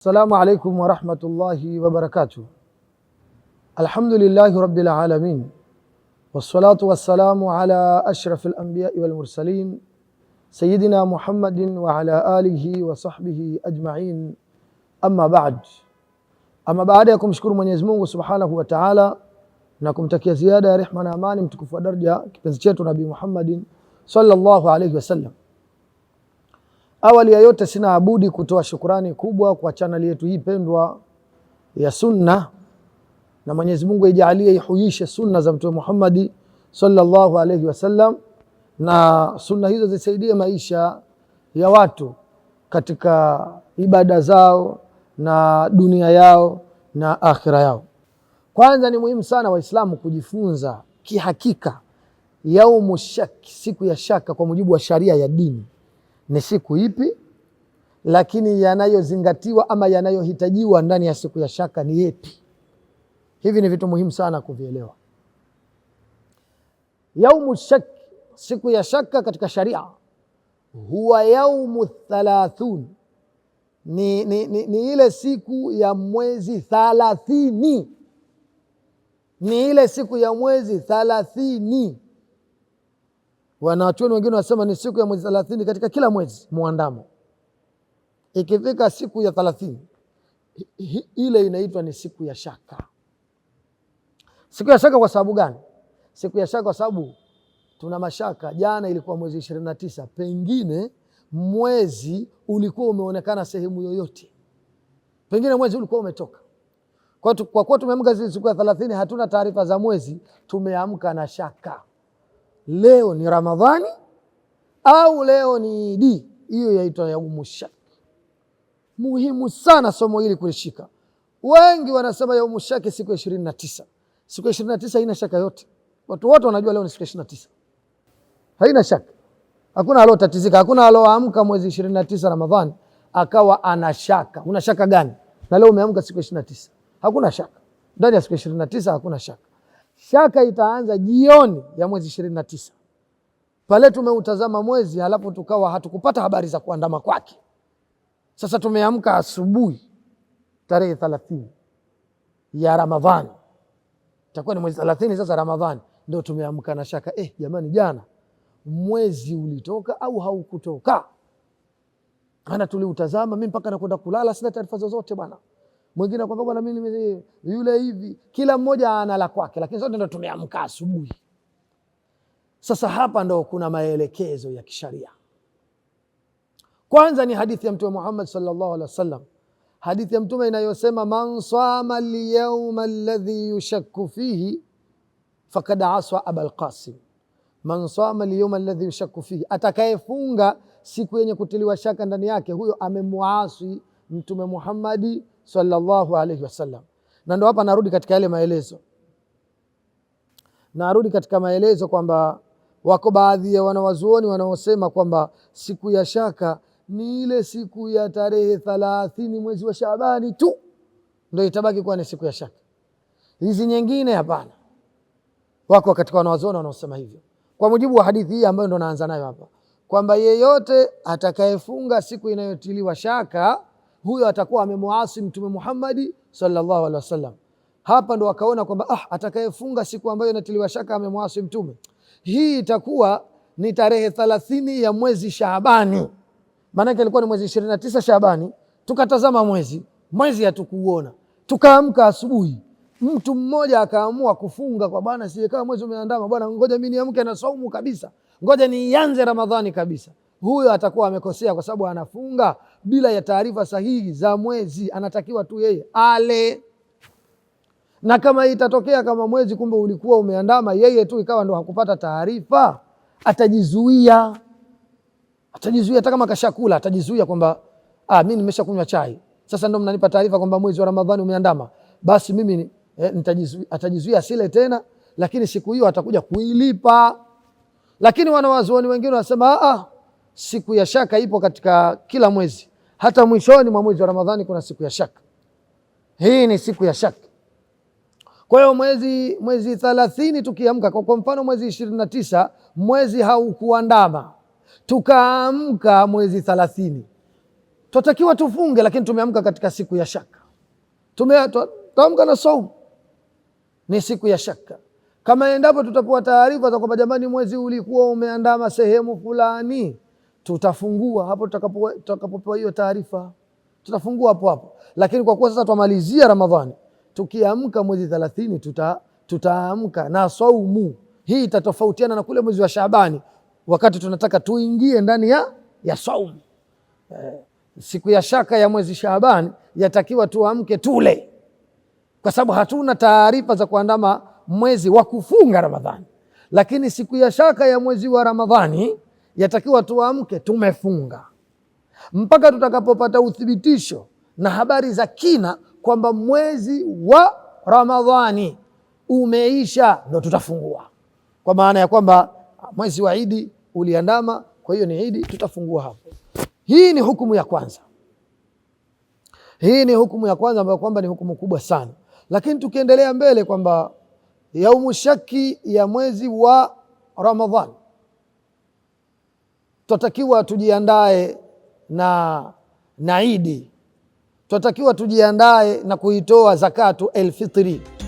السلام عليكم ورحمة الله وبركاته الحمد لله رب العالمين والصلاة والسلام على أشرف الأنبياء والمرسلين سيدنا محمد وعلى آله وصحبه أجمعين أما بعد أما بعد يكم شكر من يزمون سبحانه وتعالى نكم تكي زيادة رحمنا أمان متكف درجة كبنزجيت نبي محمد صلى الله عليه وسلم Awali ya yote sina abudi kutoa shukurani kubwa kwa chaneli yetu hii pendwa ya Sunna, na Mwenyezi Mungu aijalie ihuishe sunna za Mtume Muhammadi sallallahu alayhi wasallam, na sunna hizo zisaidie maisha ya watu katika ibada zao na dunia yao na akhira yao. Kwanza ni muhimu sana Waislamu kujifunza kihakika yaumu shaki, siku ya shaka, kwa mujibu wa sharia ya dini ni siku ipi, lakini yanayozingatiwa ama yanayohitajiwa ndani ya siku ya shaka ni yepi. Hivi ni vitu muhimu sana kuvielewa. Yaumu shak, siku ya shaka katika sharia huwa yaumu thalathun, ni, ni, ni, ni ile siku ya mwezi thalathini, ni ile siku ya mwezi thalathini wanawachuoni wengine wanasema ni siku ya mwezi thelathini katika kila mwezi mwandamo Ikifika siku ya thelathini ile inaitwa ni siku ya shaka. Siku ya shaka kwa sababu gani? Siku ya shaka kwa sababu tuna mashaka. Jana ilikuwa mwezi ishirini na tisa, pengine mwezi ulikuwa umeonekana sehemu yoyote, pengine mwezi ulikuwa umetoka. Kwa kuwa tumeamka siku ya thelathini hatuna taarifa za mwezi, tumeamka na shaka leo ni Ramadhani au leo ni Idi, hiyo yaitwa yaumu shak. Muhimu sana somo hili kulishika. Wengi wanasema yaumu shaki siku ya ishirini na tisa. Siku ya ishirini na tisa haina shaka yote, watu wote wanajua leo ni siku ya ishirini na tisa, haina shaka, hakuna alotatizika, hakuna aloamka mwezi ishirini na tisa Ramadhani akawa ana shaka. Una shaka gani? Na leo umeamka siku ya ishirini na tisa, hakuna shaka ndani ya siku ya ishirini na tisa, hakuna shaka. Shaka itaanza jioni ya mwezi ishirini na tisa pale tumeutazama mwezi halafu tukawa hatukupata habari za kuandama kwake. Sasa tumeamka asubuhi tarehe thelathini ya Ramadhani, itakuwa ni mwezi thelathini sasa Ramadhani, ndio tumeamka na shaka eh, jamani, jana mwezi ulitoka au haukutoka? Ana tuliutazama mi mpaka nakwenda kulala, sina taarifa zozote bwana mwingine kwamba bwana mimi yule hivi, kila mmoja ana la kwake, lakini sote ndo tumeamka asubuhi. Sasa hapa ndo kuna maelekezo ya kisharia. Kwanza ni hadithi ya Mtume Muhammad sallallahu alaihi wasallam, hadithi ya Mtume inayosema man sama alyauma alladhi yushakku fihi fakad aswa abal qasim, man sama alyauma alladhi yushakku fihi, atakayefunga siku yenye kutiliwa shaka ndani yake, huyo amemwasi Mtume Muhammadi sallallahu alaihi wasallam. Na ndo hapa narudi katika yale maelezo, narudi katika maelezo kwamba wako baadhi ya wanawazuoni wanaosema kwamba siku ya shaka ni ile siku ya tarehe thalathini mwezi wa Shaabani tu ndo itabaki kuwa ni siku ya shaka, hizi nyingine hapana. Wako katika wanawazuoni wanaosema hivyo kwa mujibu wa hadithi hii ambayo ndo naanza nayo hapa, kwamba yeyote atakayefunga siku inayotiliwa shaka huyo atakuwa amemwasi Mtume Muhammadi sallallahu alaihi wasallam. Hapa ndo wakaona kwamba ah, atakayefunga siku ambayo inatiliwa shaka amemwasi Mtume, hii itakuwa ni tarehe thalathini ya mwezi Shaabani, maanake ilikuwa ni mwezi ishirini na tisa Shaabani. Tukatazama mwezi mwezi hatukuona, tukaamka asubuhi mtu mmoja akaamua kufunga kwa bwana, sijekaa mwezi umeandama bwana, ngoja mi niamke na saumu kabisa, ngoja nianze Ramadhani kabisa huyo atakuwa amekosea, kwa sababu anafunga bila ya taarifa sahihi za mwezi. Anatakiwa tu yeye ale, na kama itatokea kama mwezi kumbe ulikuwa umeandama, yeye tu ikawa ndo hakupata taarifa, atajizuia atajizuia. Hata kama kashakula atajizuia kwamba ah, mi nimeshakunywa chai, sasa ndo mnanipa taarifa kwamba mwezi wa Ramadhani umeandama, basi mimi eh, nitajizuia. Atajizuia asile tena, lakini siku hiyo atakuja kuilipa. Lakini wanawazuoni wengine wanasema ah, ah siku ya shaka ipo katika kila mwezi, hata mwishoni mwa mwezi wa Ramadhani kuna siku ya shaka. Hii ni siku ya shaka. Kwa hiyo mwezi mwezi thalathini tukiamka, kwa mfano mwezi ishirini na tisa mwezi haukuandama tukaamka mwezi thalathini twatakiwa tufunge, lakini tumeamka katika siku ya shaka. Tutaamka na saumu, ni siku ya shaka. Kama endapo tutapewa taarifa za kwamba jamani, mwezi ulikuwa umeandama sehemu fulani tutafungua hapo tutakapopewa hiyo taarifa tutafungua hapo hapo, lakini kwa kuwa sasa twamalizia Ramadhani, tukiamka mwezi thelathini tuta, tutaamka na saumu hii itatofautiana na kule mwezi wa Shabani, wakati tunataka tuingie ndani ya, ya saumu eh, siku ya shaka ya mwezi Shabani yatakiwa tuamke tule, kwa sababu hatuna taarifa za kuandama mwezi wa kufunga Ramadhani, lakini siku ya shaka ya mwezi wa Ramadhani yatakiwa tuamke, tumefunga mpaka tutakapopata uthibitisho na habari za kina kwamba mwezi wa Ramadhani umeisha, ndo tutafungua, kwa maana ya kwamba mwezi wa Idi uliandama, kwa hiyo ni Idi, tutafungua hapo. Hii ni hukumu ya kwanza, hii ni hukumu ya kwanza ambayo kwamba ni hukumu kubwa sana. Lakini tukiendelea mbele kwamba yaumu shaki ya mwezi wa Ramadhani twatakiwa tujiandae na, naidi Idi, twatakiwa tujiandae na kuitoa zakatu elfitri.